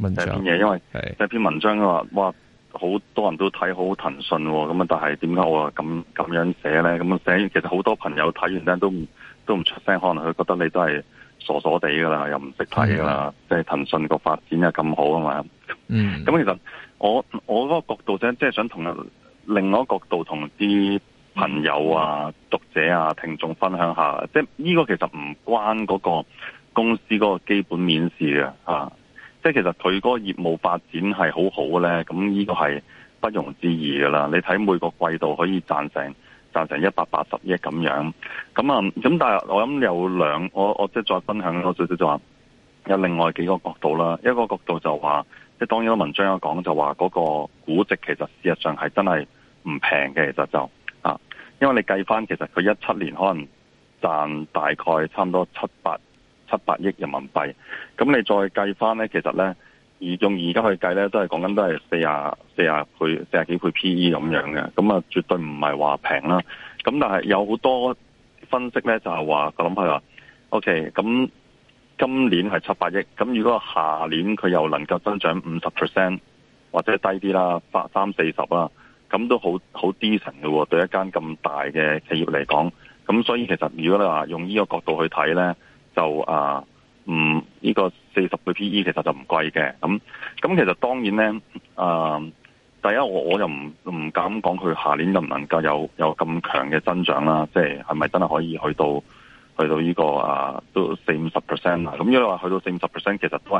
誒篇嘢，因為誒篇文章嘅話，哇，好多人都睇好騰訊喎，咁啊，但係點解我咁咁樣寫咧？咁寫完其實好多朋友睇完咧都都唔出聲，可能佢覺得你都係傻傻地噶啦，又唔識睇噶啦。即係、啊即係、騰訊個發展又咁好啊嘛。嗯，咁其實我我嗰個角度咧，即係想同另外一個角度同啲朋友啊、嗯、讀者啊、聽眾分享下，即係呢個其實唔關嗰個公司嗰個基本面事嘅嚇。啊即係其實佢嗰個業務發展係好好嘅咧，咁呢個係不容置疑噶啦。你睇每個季度可以賺成賺成一百八十億咁樣，咁啊，咁但係我諗有兩，我我即係再分享多少少就話有另外幾個角度啦。一個角度就話，即係當然文章有講就話嗰個估值其實事實上係真係唔平嘅，其實就啊，因為你計翻其實佢一七年可能賺大概差唔多七八。七百億人民幣，咁你再計翻呢？其實呢，用而家去計呢，都係講緊都係四廿四廿倍、四廿幾倍 P E 咁樣嘅，咁啊，絕對唔係話平啦。咁但係有好多分析呢，就係話個諗佢話，O K，咁今年係七百億，咁如果下年佢又能夠增長五十 percent，或者低啲啦，百三四十啦，咁都好好低層嘅喎，對一間咁大嘅企業嚟講，咁所以其實如果你話用呢個角度去睇呢。就啊，唔、呃、呢、這個四十倍 P/E 其實就唔貴嘅，咁咁其實當然咧，啊、呃、第一我我又唔唔敢講佢下年能唔能夠有有咁強嘅增長啦，即係係咪真係可以去到去到呢、這個啊都四五十 percent 啊？咁因為話去到四五十 percent，其實都係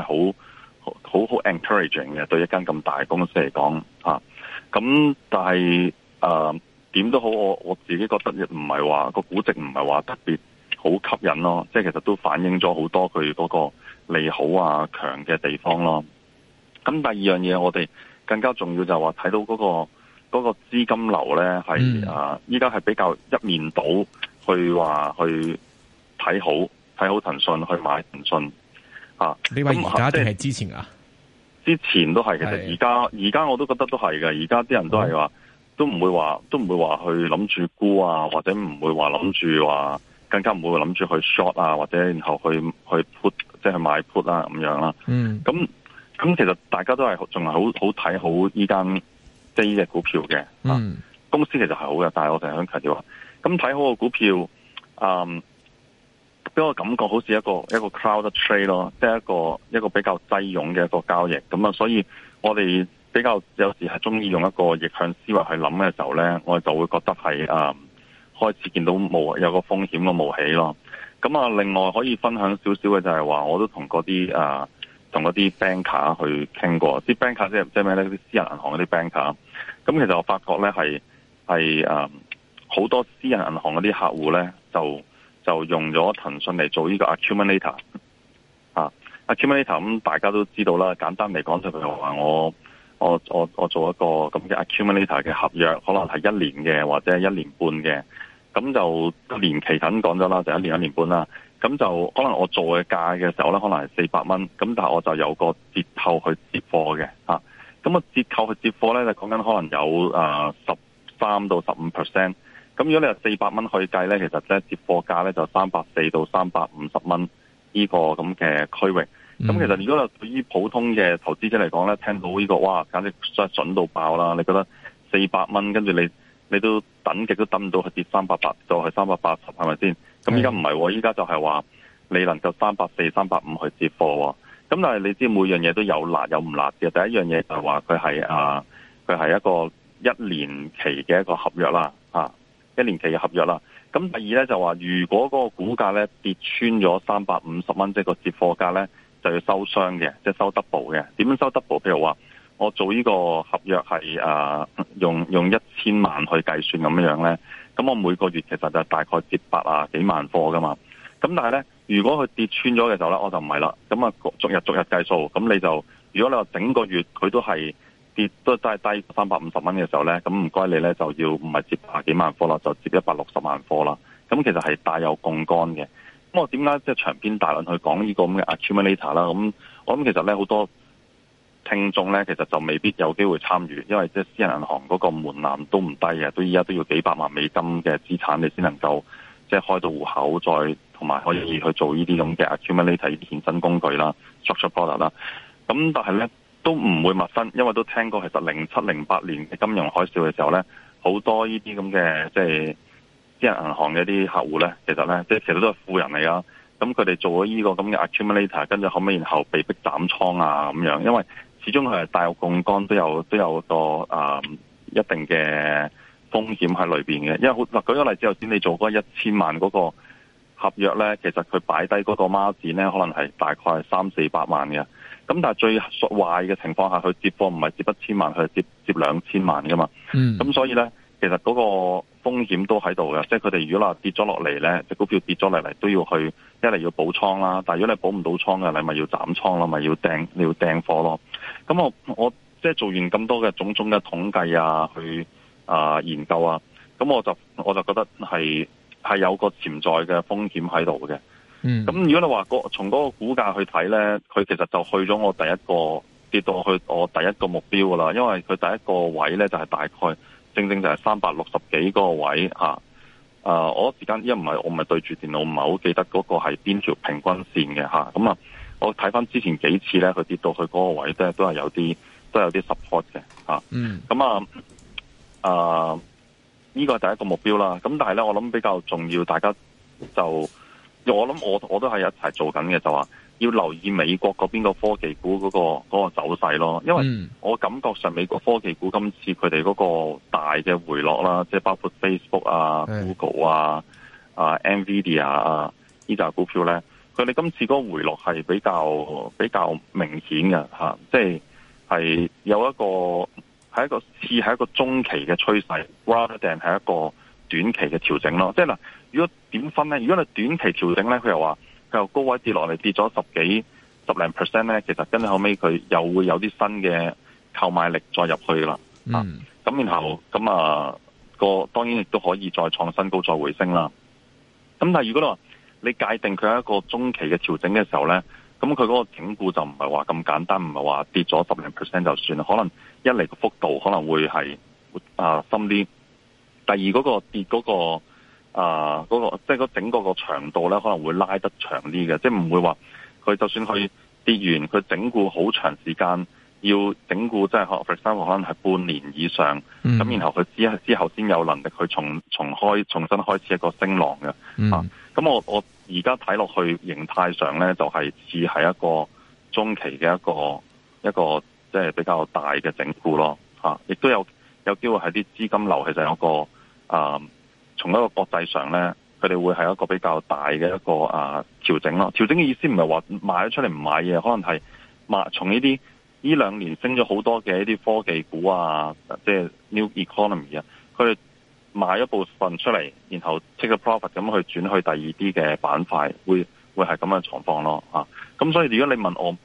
好好好 encouraging 嘅對一間咁大公司嚟講嚇。咁、啊、但係啊點都好，我我自己覺得亦唔係話個估值唔係話特別。好吸引咯，即係其實都反映咗好多佢嗰個利好啊強嘅地方咯。咁第二樣嘢，我哋更加重要就係話睇到嗰個嗰個資金流咧係啊，依家係比較一面倒去話去睇好睇好騰訊去買騰訊啊。你話而家定係之前啊？之前都係嘅，而家而家我都覺得都係嘅。而家啲人都係話，都唔會話都唔會話去諗住沽啊，或者唔會話諗住話。更加唔會諗住去 short 啊，或者然後去 put，去 put，即係買 put 啊咁樣啦。嗯、mm.，咁咁其實大家都係仲係好好睇好依間即係依隻股票嘅。嗯、mm. 啊，公司其實係好嘅，但係我哋想強調話，咁睇好個股票，嗯，俾我感覺好似一個一個 crowded trade 咯，即、就、係、是、一個一個比較擠擁嘅一個交易。咁、嗯、啊，所以我哋比較有時係中意用一個逆向思維去諗嘅時候咧，我就會覺得係啊。嗯開始見到冒有個風險嘅冒起咯，咁啊，另外可以分享少少嘅就係話，我都同嗰啲啊，同嗰啲 banker 去傾過，啲 banker 即係即係咩咧？啲、就是、私人銀行嗰啲 banker，咁其實我發覺咧係係啊，好多私人銀行嗰啲客戶咧就就用咗騰訊嚟做呢個 accumulator 啊，accumulator 咁、嗯、大家都知道啦，簡單嚟講就譬如話，我我我我做一個咁嘅 accumulator 嘅合約，可能係一年嘅或者係一年半嘅。咁就年期咁講咗啦，就一年一年半啦。咁就可能我做嘅價嘅時候咧，可能係四百蚊。咁但係我就有個折扣去接貨嘅，咁啊我折扣去接貨咧，就講緊可能有誒十三到十五 percent。咁如果你係四百蚊去計計咧，其實咧接貨價咧就三百四到三百五十蚊呢個咁嘅區域。咁、嗯、其實如果對於普通嘅投資者嚟講咧，聽到呢、呢個哇，簡直真係準到爆啦！你覺得四百蚊跟住你？你都等極都等唔到佢跌三百八，就去三百八十，係咪先？咁依家唔係，依家就係話你能夠三百四、三百五去接貨。咁但係你知每樣嘢都有辣有唔辣嘅。第一樣嘢就話佢係啊，佢係一個一年期嘅一個合約啦，吓，一年期嘅合約啦。咁第二呢，就話，如果嗰個股價呢跌穿咗三百五十蚊，即係個接貨價呢，就要收雙嘅，即係收 double 嘅。點樣收 double？譬如話。我做呢個合約係誒、啊、用用一千萬去計算咁樣呢。咧，咁我每個月其實就大概接百啊幾萬貨噶嘛。咁但係咧，如果佢跌穿咗嘅時候咧，我就唔係啦。咁啊逐日逐日計數，咁你就如果你話整個月佢都係跌都都係低三百五十蚊嘅時候咧，咁唔該你咧就要唔係接百幾萬貨啦，就接一百六十萬貨啦。咁其實係帶有槓桿嘅。咁我點解即係長篇大論去講呢個咁嘅 Accumulator 啦？咁我諗其實咧好多。聽眾咧，其實就未必有機會參與，因為即係私人銀行嗰個門檻都唔低嘅，都依家都要幾百萬美金嘅資產，你先能夠即係開到戶口再，再同埋可以去做呢啲咁嘅 accumulator 呢啲衍生工具啦，structure product 啦。咁但係咧都唔會陌生，因為都聽過其實零七零八年嘅金融海嘯嘅時候咧，好多呢啲咁嘅即係私人銀行嘅一啲客戶咧，其實咧即係其實都係富人嚟啦。咁佢哋做咗呢個咁嘅 accumulator，跟住可唔可以然後被迫斬倉啊咁樣，因為。始終佢係大桿桿都有槓桿，都有都有個誒、嗯、一定嘅風險喺裏邊嘅。因為好嗱舉咗例之後，先，你做嗰一千萬嗰個合約咧，其實佢擺低嗰個孖展咧，可能係大概三四百萬嘅。咁但係最壞嘅情況下，佢接貨唔係接一千萬，佢係接接兩千萬噶嘛。嗯。咁所以咧，其實嗰個風險都喺度嘅。即係佢哋如果話跌咗落嚟咧，隻股票跌咗落嚟都要去一嚟要補倉啦。但係如果你補唔到倉嘅，你咪要斬倉咯，咪要訂你要訂貨咯。咁我我即係做完咁多嘅種種嘅統計啊，去啊、呃、研究啊，咁我就我就覺得係係有個潛在嘅風險喺度嘅。嗯，咁如果你話個從嗰個股價去睇呢，佢其實就去咗我第一個跌到去我第一個目標噶啦，因為佢第一個位呢就係、是、大概正正就係三百六十幾個位吓。誒、啊，我時間因為唔係我唔係對住電腦唔係好記得嗰個係邊條平均線嘅吓，咁啊。啊我睇翻之前幾次咧，佢跌到去嗰個位呢，都係有啲都有啲 support 嘅吓，嗯。咁啊，啊，呢個第一個目標啦。咁但係咧，我諗比較重要，大家就我諗我我都係一齊做緊嘅，就話要留意美國嗰邊個科技股嗰個嗰個走勢咯。因為我感覺上美國科技股今次佢哋嗰個大嘅回落啦，即係包括 Facebook 啊、Google 啊、啊 NVIDIA 啊呢扎股票咧。佢哋今次嗰回落係比較比較明顯嘅吓，即係係有一個係一個次，係一個中期嘅趨勢，rather than 係一個短期嘅調整咯。即係嗱，如果點分咧？如果你短期調整咧，佢又話佢又高位跌落嚟，跌咗十幾十零 percent 咧，其實跟住後尾佢又會有啲新嘅購買力再入去啦。嗯，咁然後咁啊，個當然亦都可以再創新高再回升啦。咁，啊，但係如果你話，你界定佢係一個中期嘅調整嘅時候呢，咁佢嗰個整固就唔係話咁簡單，唔係話跌咗十零 percent 就算，可能一嚟個幅度可能會係啊深啲，第二嗰個跌嗰個啊嗰個即係嗰整個個長度呢，可能會拉得長啲嘅，即係唔會話佢就算佢跌完，佢整固好長時間。要整固，即係可能係半年以上咁，嗯，然後佢之之後先有能力去重重開重新開始一個升浪嘅咁，嗯啊，我我而家睇落去形態上咧，就係似係一個中期嘅一個一個即係比較大嘅整固咯吓，亦，啊，都有有機會喺啲資金流，其實有一個啊，從一個國際上咧，佢哋會係一個比較大嘅一個啊調整咯。調整嘅意思唔係話賣咗出嚟唔買嘢，可能係賣從呢啲。呢兩年升咗好多嘅一啲科技股啊，即係 new economy 啊，佢買一部分出嚟，然後 take a profit 咁去轉去第二啲嘅板塊，會會係咁嘅狀況咯啊！咁所以如果你問我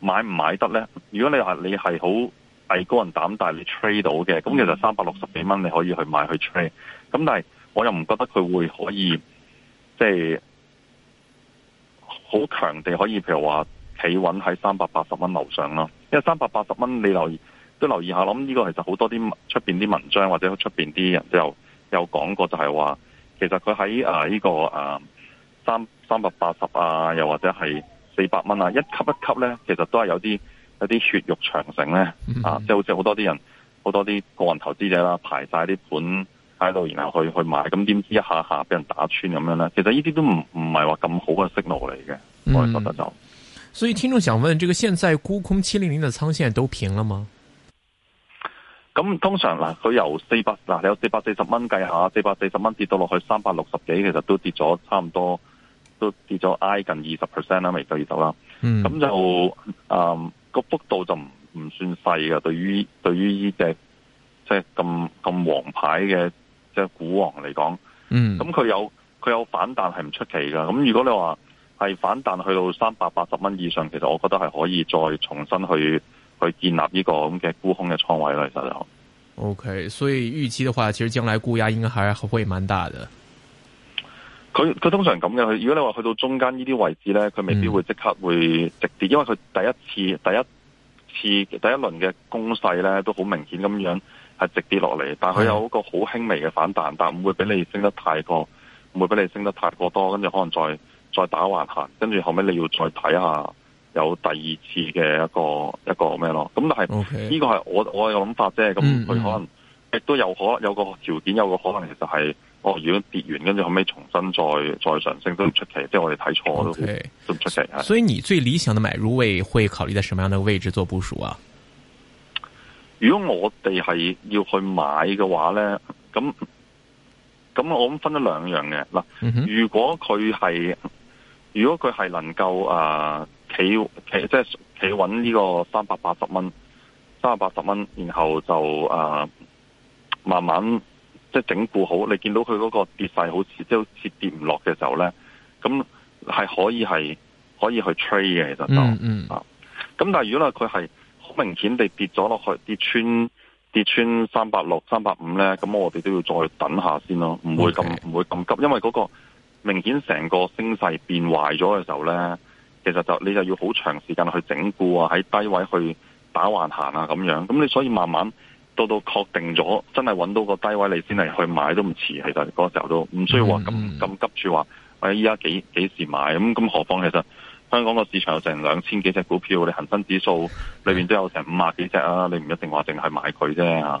買唔買得咧？如果你話你係好藝高人膽大，你 trade 到嘅，咁其實三百六十幾蚊你可以去買去 trade，咁但係我又唔覺得佢會可以即係好強地可以譬如話企穩喺三百八十蚊樓上咯。因為三百八十蚊，你留意都留意一下，咁、這、呢個其實好多啲出邊啲文章或者出邊啲人又有，有講過就係話，就係話其實佢喺啊呢、呢個啊三三百八十啊，又或者係四百蚊啊，一級一級咧，其實都係有啲有啲血肉長城咧，mm-hmm. 啊，即係好似好多啲人，好多啲個人投資者啦，排晒啲盤喺度，然後去去買，咁點知一下下俾人打穿咁樣咧？其實呢啲都唔唔係話咁好嘅息路嚟嘅，mm-hmm. 我哋覺得就。所以聽眾想問，這個現在沽空七零零的倉線都平了嗎？咁、嗯嗯、通常嗱，佢由四百嗱，你有四百四十蚊計下，四百四十蚊跌到落去三百六十幾，其實都跌咗差唔多，都跌咗挨近二十 percent 啦，未到二十啦。咁就，嗯、呃，個幅度就唔唔算細嘅，對於對於呢隻即係咁咁王牌嘅即係股王嚟講，嗯,嗯它有，咁佢有佢有反彈係唔出奇噶。咁如果你話，係反彈去到三百八十蚊以上，其實我覺得係可以再重新去去建立呢個咁嘅沽空嘅倉位啦。其實就，OK，所以預期嘅話，其實將來沽壓應該還會蠻大嘅。佢佢通常咁嘅，佢如果你話去到中間呢啲位置咧，佢未必會即刻會直跌，嗯、因為佢第一次第一次，第一次，第一輪嘅攻勢呢都好明顯咁樣係直跌落嚟。但係佢有一個好輕微嘅反彈，嗯、但唔會俾你升得太過，唔會俾你升得太過多，跟住可能再。再打橫行，跟住後尾你要再睇下，有第二次嘅一個一個咩咯？咁但係呢、okay. 個係我我嘅諗法啫。咁佢、嗯嗯、可能亦都有可有個條件，有個可能其實係，哦，如果跌完，跟住後尾重新再再上升都唔出奇，okay. 即係我哋睇錯都唔出奇、okay.。所以你最理想嘅買入位會考慮到什麼樣嘅位置做部署啊？如果我哋係要去買嘅話咧，咁咁我諗分咗兩樣嘅嗱、嗯，如果佢係。如果佢係能夠啊企企即係企穩呢個三百八十蚊，三百八十蚊，然後就啊、呃、慢慢即係整固好。你見到佢嗰個跌勢好似即係跌唔落嘅時候咧，咁係可以係可以去 trade 嘅，其實就，嗯嗯、啊。咁但係如果咧，佢係好明顯地跌咗落去，跌穿跌穿三百六、三百五咧，咁我哋都要再等下先咯，唔、okay. 會咁唔會咁急，因為嗰、嗰個。明顯成個升勢變壞咗嘅時候呢，其實就你就要好長時間去整固啊，喺低位去打橫行啊咁樣。咁你所以慢慢到到確定咗，真係揾到個低位，你先係去買都唔遲，其實嗰個時候都唔需要話咁咁急住話，誒依家幾幾時買咁咁何況，其實香港個市場有成兩千幾隻股票，你恆生指數裏面都有成五百幾隻啊，你唔一定話淨係買佢啫。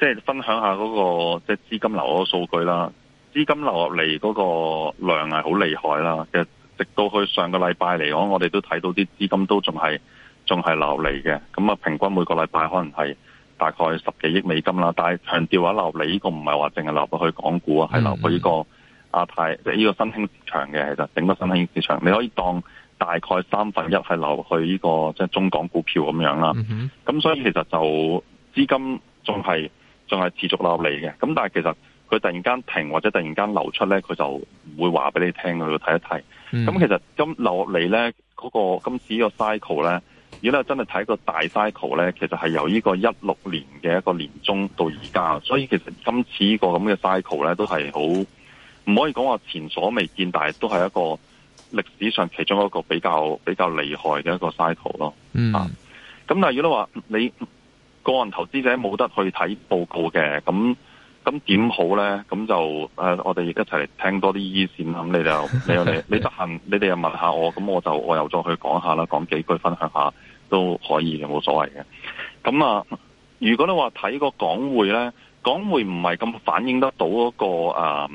即係分享下嗰個即係資金流嗰個數據啦，資金流入嚟嗰個量係好厲害啦。其實直到去上個禮拜嚟講，我哋都睇到啲資金都仲係仲係流嚟嘅。咁啊，平均每個禮拜可能係大概十幾億美金啦。但係強調話流嚟，呢個唔係話淨係流去港股嗯嗯去、這個、啊，係流去呢個亞太即係呢個新興市場嘅。其實整個新興市場，你可以當大概三分一係流去呢、這個即係、就是、中港股票咁樣啦。咁、嗯嗯、所以其實就資金仲係。仲係持續落嚟嘅，咁但係其實佢突然間停或者突然間流出咧，佢就唔會話俾你聽要睇一睇。咁、嗯、其實今落嚟咧嗰個今次個呢個 cycle 咧，如果你真係睇個大 cycle 咧，其實係由呢個一六年嘅一個年終到而家，所以其實今次呢個這呢個咁嘅 cycle 咧都係好唔可以講話前所未見，但係都係一個歷史上其中一個比較比較厲害嘅一個 cycle 咯。嗯，咁、啊、但係如果你話你。個人投資者冇得去睇報告嘅，咁咁點好咧？咁就、呃、我哋一齊嚟聽多啲意見啦。咁你就你哋得閒你哋又問下我，咁我就我又再去講下啦，講幾句分享下都可以嘅，冇所謂嘅。咁啊，如果你話睇個港匯咧，港匯唔係咁反映得到嗰、嗰個誒嗰、呃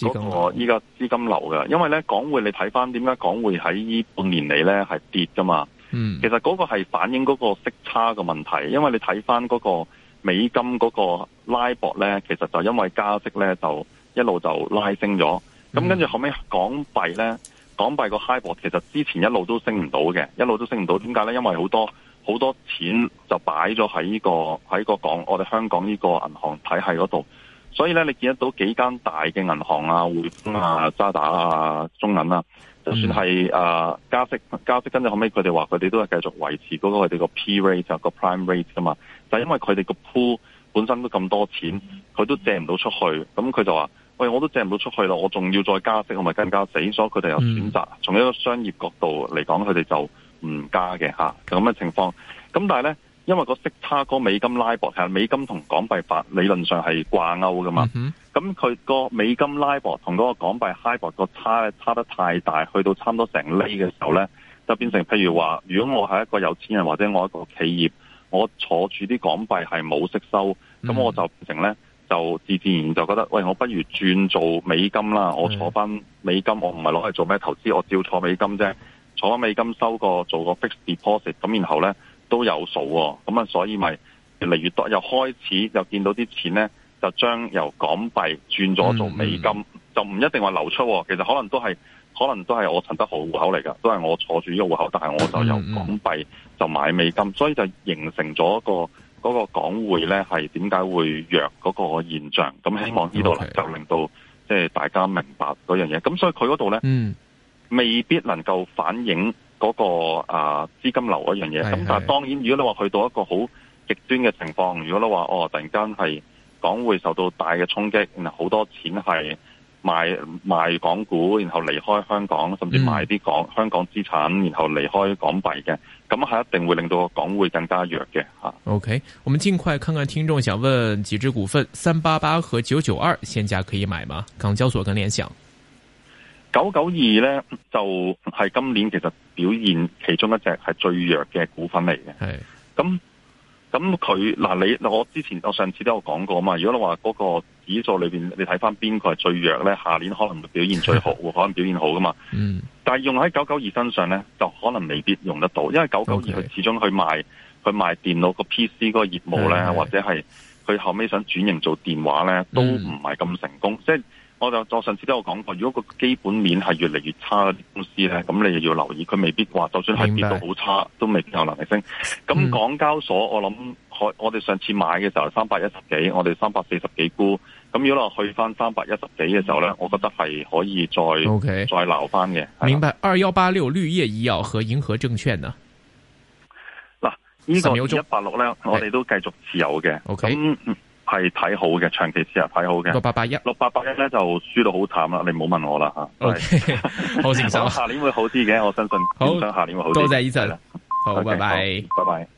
嗰個依家資金流嘅，因為咧港匯你睇翻點解港匯喺依半年嚟咧係跌㗎嘛。嗯，其實嗰個係反映嗰個息差嘅問題，因為你睇翻嗰個美金嗰個拉博咧，其實就因為加息咧，就一路就拉升咗。咁、嗯、跟住後尾港幣咧，港幣個 high 博其實之前一路都升唔到嘅，一路都升唔到。點解咧？因為好多好多錢就擺咗喺呢個喺個港，我哋香港呢個銀行體系嗰度。所以咧，你見得到幾間大嘅銀行啊，匯豐啊、渣打啊、中銀啊。嗯、就算係誒加息加息，跟住後尾佢哋話佢哋都係繼續維持嗰個佢哋個 P rate 就個 prime rate 噶嘛，但、就、係、是、因為佢哋個 pool 本身都咁多錢，佢都借唔到出去，咁佢就話，喂，我都借唔到出去啦，我仲要再加息，我咪更加死，所以佢哋又選擇從、嗯、一個商業角度嚟講，佢哋就唔加嘅吓，咁嘅情況。咁但係咧。因為個息差、嗰個美金拉博，其實美金同港幣法理論上係掛鈎噶嘛。咁佢個美金拉博同嗰個港幣嗨博個差咧，差得太大，去到差唔多成厘嘅時候咧，就變成譬如話，如果我係一個有錢人，或者我一個企業，我坐住啲港幣係冇息收，咁、mm-hmm. 我就變成咧，就自自然就覺得，喂，我不如轉做美金啦。Mm-hmm. 我坐翻美金，我唔係攞嚟做咩投資，我照坐美金啫，坐翻美金收個做個 fixed deposit，咁然後咧。都有數喎，咁啊，所以咪越嚟越多，又開始又見到啲錢呢，就將由港幣轉咗做美金，嗯、就唔一定話流出、哦，其實可能都係，可能都係我陳德豪戶口嚟噶，都係我坐住呢個戶口，但係我就由港幣就買美金，嗯、所以就形成咗一個嗰、嗰個港匯呢係點解會弱嗰個現象。咁希望呢度啦，就令到即係大家明白嗰樣嘢。咁所以佢嗰度呢、嗯，未必能夠反映。嗰、那個啊資金流嗰樣嘢，咁但係當然，如果你話去到一個好極端嘅情況，如果你話哦，突然間係港匯受到大嘅衝擊，然後好多錢係賣賣港股，然後離開香港，甚至賣啲港香港資產，然後離開港幣嘅，咁、嗯、係一定會令到港匯更加弱嘅嚇。OK，我哋盡快看看聽眾想問幾隻股份，三八八和九九二現價可以買嗎？港交所跟聯想。九九二咧就係、是、今年其實表現其中一隻係最弱嘅股份嚟嘅，係咁咁佢嗱你我之前我上次都有講過啊嘛，如果你話嗰個指數裏邊你睇翻邊個係最弱咧，下年可能會表現最好，可能表現好噶嘛， 嗯，但係用喺九九二身上咧，就可能未必用得到，因為九九二佢始終去賣、okay. 去賣電腦個 PC 個業務咧，或者係佢後尾想轉型做電話咧，都唔係咁成功， 嗯、即係。我就我上次都有講過，如果個基本面係越嚟越差啲公司咧，咁你就要留意佢未必話，就算係跌到好差，都未必有能力升。咁港交所我諗，我我哋上次買嘅時候三百一十幾，我哋三百四十幾股，咁如果落去翻三百一十幾嘅時候咧，我覺得係可以再 OK 再留翻嘅。明白。二幺八六綠葉醫藥和銀河證券啊，嗱、這個、呢個一八六咧，我哋都繼續持有嘅。OK、嗯。係睇好嘅，長期視野睇好嘅。六八八一，六八八一咧就輸到好慘啦！你唔好問我啦嚇。好、okay，先生。下年會好啲嘅，我相信。相信下年會好，多謝醫生。 好，拜、okay, 拜，拜拜。Bye bye